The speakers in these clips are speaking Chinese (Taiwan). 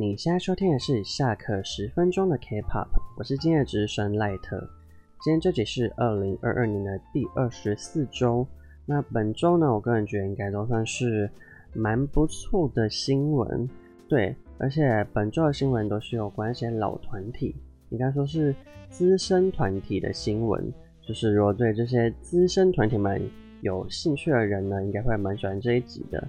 你現在收聽的是下課十分鐘的 K-pop，我是今天的值日生賴特。今天這集是二零二二年的第二十四周。那本周呢，我個人覺得應該都算是蠻不錯的新聞。對，而且本周的新聞都是有關一些老團體，應該說是資深團體的新聞。就是如果對這些資深團體們有興趣的人呢，應該會蠻喜歡這一集的。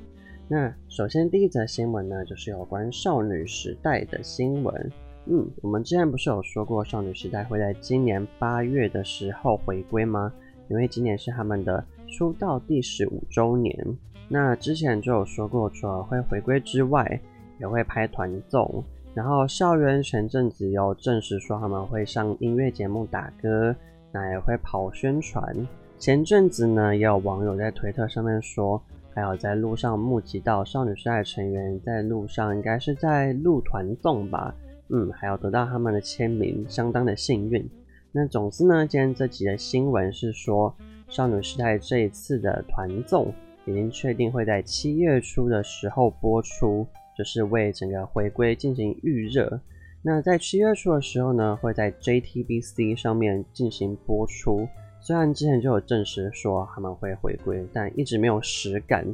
那首先第一則新聞呢，就是有關少女時代的新聞。嗯，我們之前不是有說過少女時代會在今年八月的時候回歸嗎？因為今年是他們的出道第十五周年。那之前就有說過，除了會回歸之外，也會拍團綜。然後孝淵前陣子有證實說他們會上音樂節目打歌，那也會跑宣傳。前陣子呢，也有網友在推特上面說。還有在路上募集到少女時代成員，在路上應該是在錄團綜吧，嗯，還要得到他們的簽名，相當的幸運。那總之呢，今天這集的新聞是說，少女時代這一次的團綜已經確定會在七月初的時候播出，就是為整個回歸進行預熱。那在七月初的時候呢，會在 JTBC 上面進行播出。雖然之前就有證實說他們會回歸，但一直沒有實感。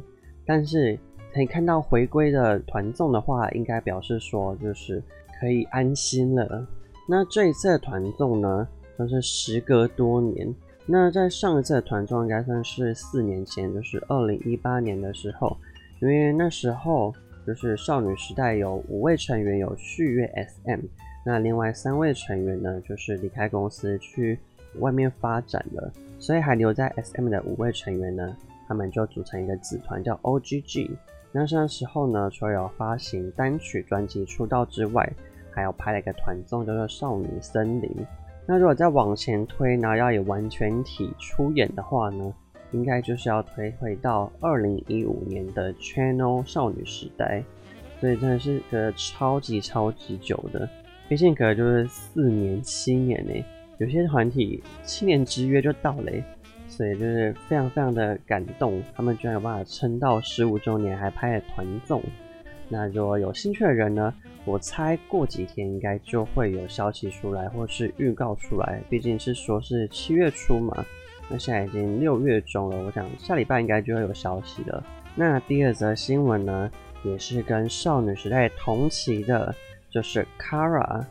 但是可以看到回歸的團綜的話，應該表示說就是可以安心了。那這一次的團綜呢，算是時隔多年。那在上一次的團綜應該算是四年前，就是二零一八年的時候，因為那時候就是少女時代有五位成員有續約 SM，那另外三位成員呢就是離開公司去外面發展了，所以還留在 S M 的五位成員呢，他們就組成一個子團，叫 O G G。那這時候呢，除了有發行單曲、專輯出道之外，還有拍了一個團綜，叫做《少女森林》。那如果再往前推，然後要以完全體出演的話呢，應該就是要推回到二零一五年的《Channel 少女時代》。所以真的是隔了超級超級久的，畢竟隔就是四年、七年呢。有些團體七年之約就到了，所以就是非常非常的感動，他們居然有辦法撐到十五周年，還拍了團綜。那如果有興趣的人呢，我猜過幾天應該就會有消息出來，或是預告出來，畢竟是說是七月初嘛，那現在已經六月中了，我想下禮拜應該就會有消息了。那第二則新聞呢，也是跟少女時代同期的，就是 KARA。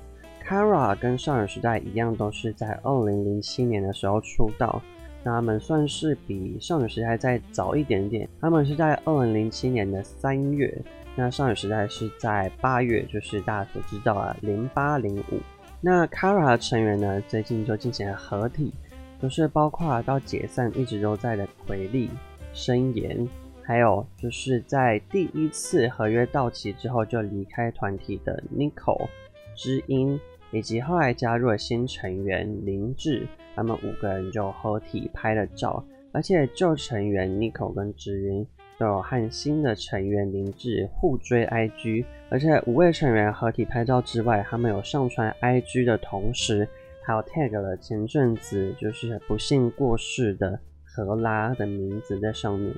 Kara 跟少女時代一樣，都是在二零零七年的時候出道。那他們算是比少女時代再早一點點。他們是在二零零七年的三月，那少女時代是在八月，就是大家所知道啊，零八零五。那 Kara 的成員呢，最近就進行了合體，就是包括到解散一直都在的奎利、昇延，還有就是在第一次合約到期之後就離開團體的 Nicole、知英。以及後來加入了新成員林志，他們五個人就合體拍了照，而且舊成員 Nico 跟智雲都有和新的成員林志互追 IG，而且五位成員合體拍照之外，他們有上傳 IG 的同時，還有 tag 了前陣子就是不幸過世的荷拉的名字在上面，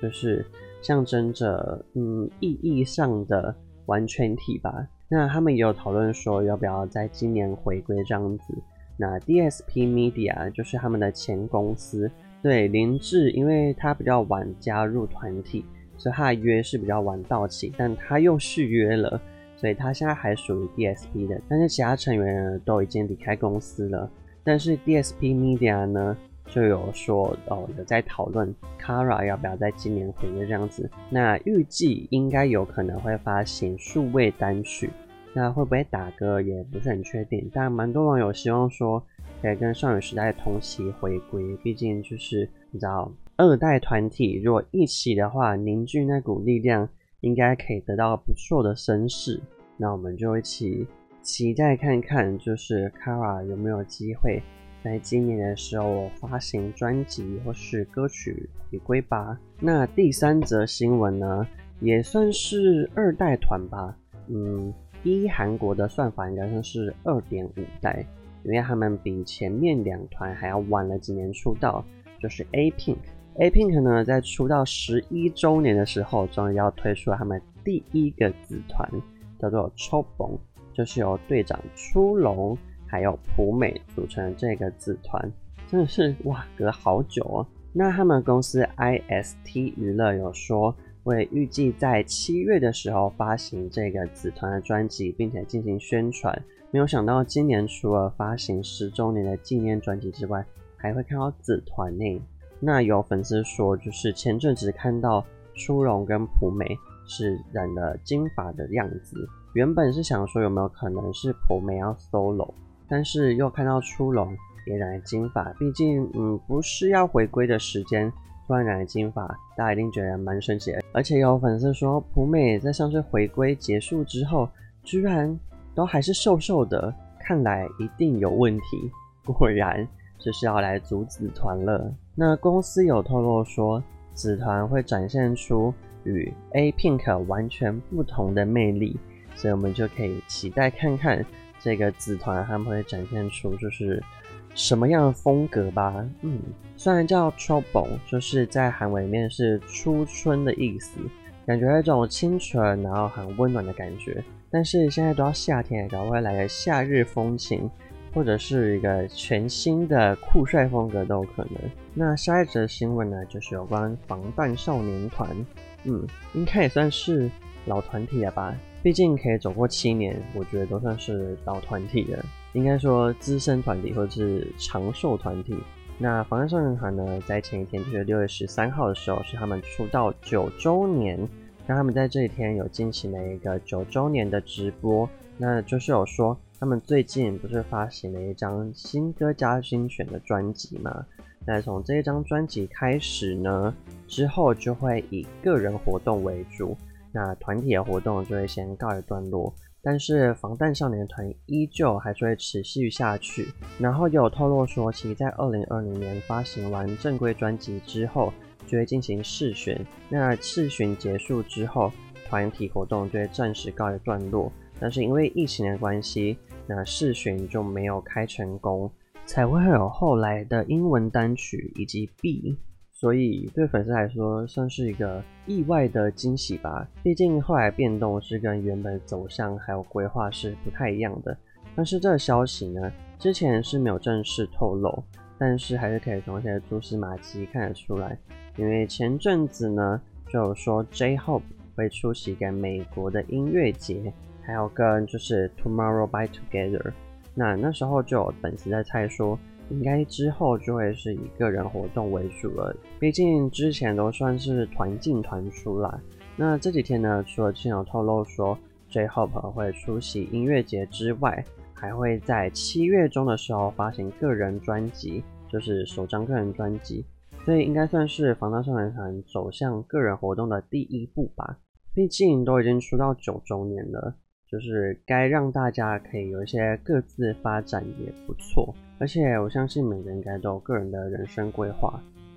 就是象徵着嗯意義上的完全體吧。那他們也有討論說，要不要在今年回歸這樣子。那 DSP Media 就是他們的前公司，對林志，因為他比較晚加入團體，所以他約是比較晚到期，但他又續約了，所以他現在還屬於 DSP 的。但是其他成員都已經離開公司了，但是 DSP Media 呢？就有說哦，有在討論 Kara 要不要在今年回歸這樣子。那預計應該有可能會發行數位單曲，那會不會打歌也不是很確定。但蠻多網友希望說，可以跟少女時代同期回歸，畢竟就是你知道，二代團體如果一起的話，凝聚那股力量，應該可以得到不錯的聲勢。那我們就一起期待看看，就是 Kara 有沒有機會。在今年的時候，我發行專輯或是歌曲回歸吧。那第三則新聞呢，也算是二代團吧。嗯，依韓國的算法，應該算是二點五代，因為他們比前面兩團還要晚了幾年出道。就是 A Pink，A Pink 呢，在出道十一週年的時候，終於要推出了他們第一個子團，叫做 Chobon，就是由隊長初瓏，還有普美組成這個子團，真的是哇，隔好久哦。那他們公司 I S T 娛樂有說，會預計在七月的時候發行這個子團的專輯，並且進行宣傳。沒有想到今年除了發行十周年的紀念專輯之外，還會看到子團呢。那有粉絲說，就是前陣子看到初瓏跟普美是染了金髮的樣子，原本是想說有沒有可能是普美要 solo。但是又看到初瓏也染了金髮，畢竟嗯不是要回歸的時間，突然染了金髮，大家一定覺得蠻神奇的。而且有粉絲說，普美在上次回歸結束之後，居然都還是瘦瘦的，看來一定有問題。果然這、就是要來組子團了。那公司有透露說，子團會展現出與 A Pink 完全不同的魅力，所以我們就可以期待看看。這個子團他們會展現出就是什麼樣的風格吧？嗯，雖然叫 CHOBOM，就是在韓文裡面是初春的意思，感覺有一種清純，然後很溫暖的感覺。但是現在都要夏天了，可能會來個夏日風情，或者是一個全新的酷帥風格都有可能。那下一則新聞呢，就是有關防彈少年團，嗯，應該也算是老團體了吧。畢竟可以走過七年，我覺得都算是老團體了，應該說資深團體或者是長壽團體。那防彈少年團呢，在前一天就是六月十三號的時候，是他們出道九周年，那他們在這一天有進行了一個九周年的直播。那就是有說他們最近不是發行了一張新歌加精選的專輯嗎？那從這一張專輯開始呢，之後就會以個人活動為主。那團體的活動就會先告一段落，但是防彈少年團依舊還是會持續下去。然後又透露說，其在二零二零年發行完正規專輯之後，就會進行世巡。那世巡結束之後，團體活動就會暫時告一段落。但是因為疫情的關係，那世巡就沒有開成功，才會有後來的英文單曲以及 B。所以對粉絲來說算是一個意外的驚喜吧，畢竟後來變動是跟原本走向還有規劃是不太一樣的。但是這個消息呢，之前是沒有正式透露，但是還是可以從一些蛛絲馬跡看得出來。因為前陣子呢，就有說 J-Hope 會出席一個美國的音樂節，還有跟就是 Tomorrow by Together，那那時候就有粉絲在猜說。應該之後就會是以個人活動為主了，畢竟之前都算是團進團出來。那這幾天呢，除了親友透露說 J Hope 會出席音樂節之外，還會在七月中的時候發行個人專輯，就是首張個人專輯，所以應該算是防彈少年團走向個人活動的第一步吧。畢竟都已經出道九週年了。就是該讓大家可以有一些各自發展也不錯，而且我相信每個人應該都有個人的人生規劃。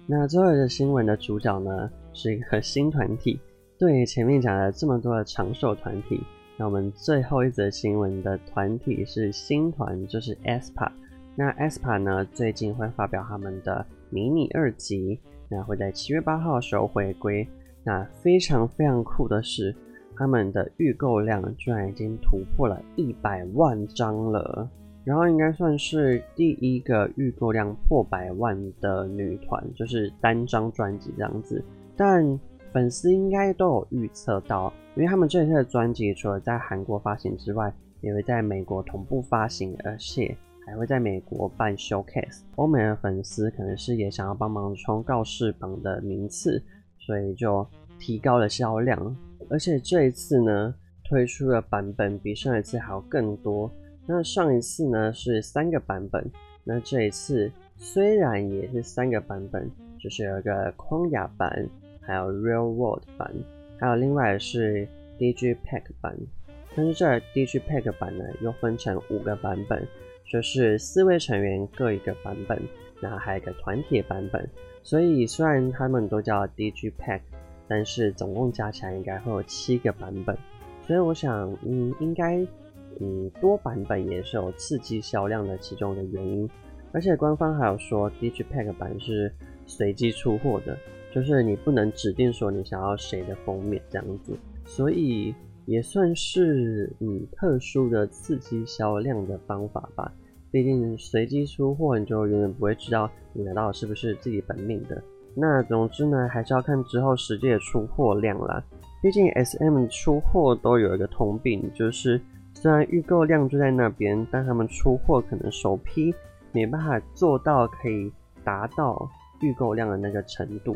那最後一則的新聞的主角呢，是一個新團體。對，前面講了這麼多的長壽團體，那我們最後一則新聞的團體是新團，就是 aespa。那 aespa 呢，最近會發表他們的迷你二輯，那會在七月八號的時候回歸。那非常非常酷的是，他們的預購量居然已經突破了一百萬張了，然後應該算是第一個預購量破百萬的女團，就是單張專輯這樣子。但粉絲應該都有預測到，因為他們這次的專輯除了在韓國發行之外，也會在美國同步發行，而且還會在美國辦 showcase。歐美的粉絲可能是也想要幫忙衝告示榜的名次，所以就提高了銷量。而且這一次呢，推出的版本比上一次還要更多。那上一次呢是三個版本，那這一次雖然也是三個版本，就是有一個框雅版，還有 Real World 版，還有另外是 DG Pack 版。但是這 DG Pack 版呢又分成五個版本，就是四位成員各一個版本，那還有一個團體版本。所以雖然他們都叫 DG Pack。但是總共加起來應該會有七個版本，所以我想，嗯，應該，嗯，多版本也是有刺激銷量的其中的原因。而且官方還有說，Digipack 版是隨機出貨的，就是你不能指定說你想要誰的封面這樣子，所以也算是嗯特殊的刺激銷量的方法吧。畢竟隨機出貨，你就永遠不會知道你拿到的是不是自己本命的。那總之呢，還是要看之後實際的出貨量啦。畢竟 SM 出貨都有一個通病，就是雖然預購量就在那邊，但他們出貨可能首批沒辦法做到可以達到預購量的那個程度，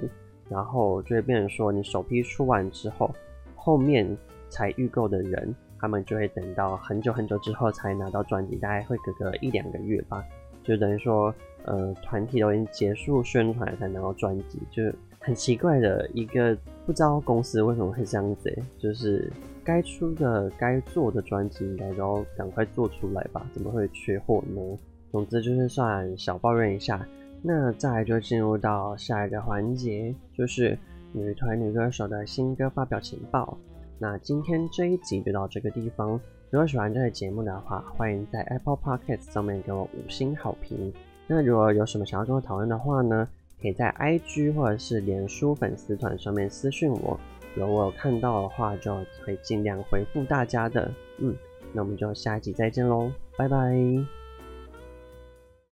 然後就會變成說，你首批出完之後，後面才預購的人，他們就會等到很久很久之後才拿到專輯，大概會隔個一兩個月吧，就等於說。呃，團體都已經結束宣傳才拿到專輯，就是很奇怪的一個，不知道公司為什麼會這樣子、欸。就是該出的、該做的專輯應該都趕快做出來吧？怎麼會缺貨呢？總之就是算小抱怨一下。那再來就進入到下一個環節，就是女團女歌手的新歌發表情報。那今天這一集就到這個地方。如果喜歡這個節目的話，歡迎在 Apple Podcast 上面給我五星好評。那如果有什麼想要跟我討論的話呢，可以在 IG 或者是臉書粉絲團上面私訊我，如果我有看到的話，就可以盡量回復大家的。嗯，那我們就下一集再見嘍，拜拜。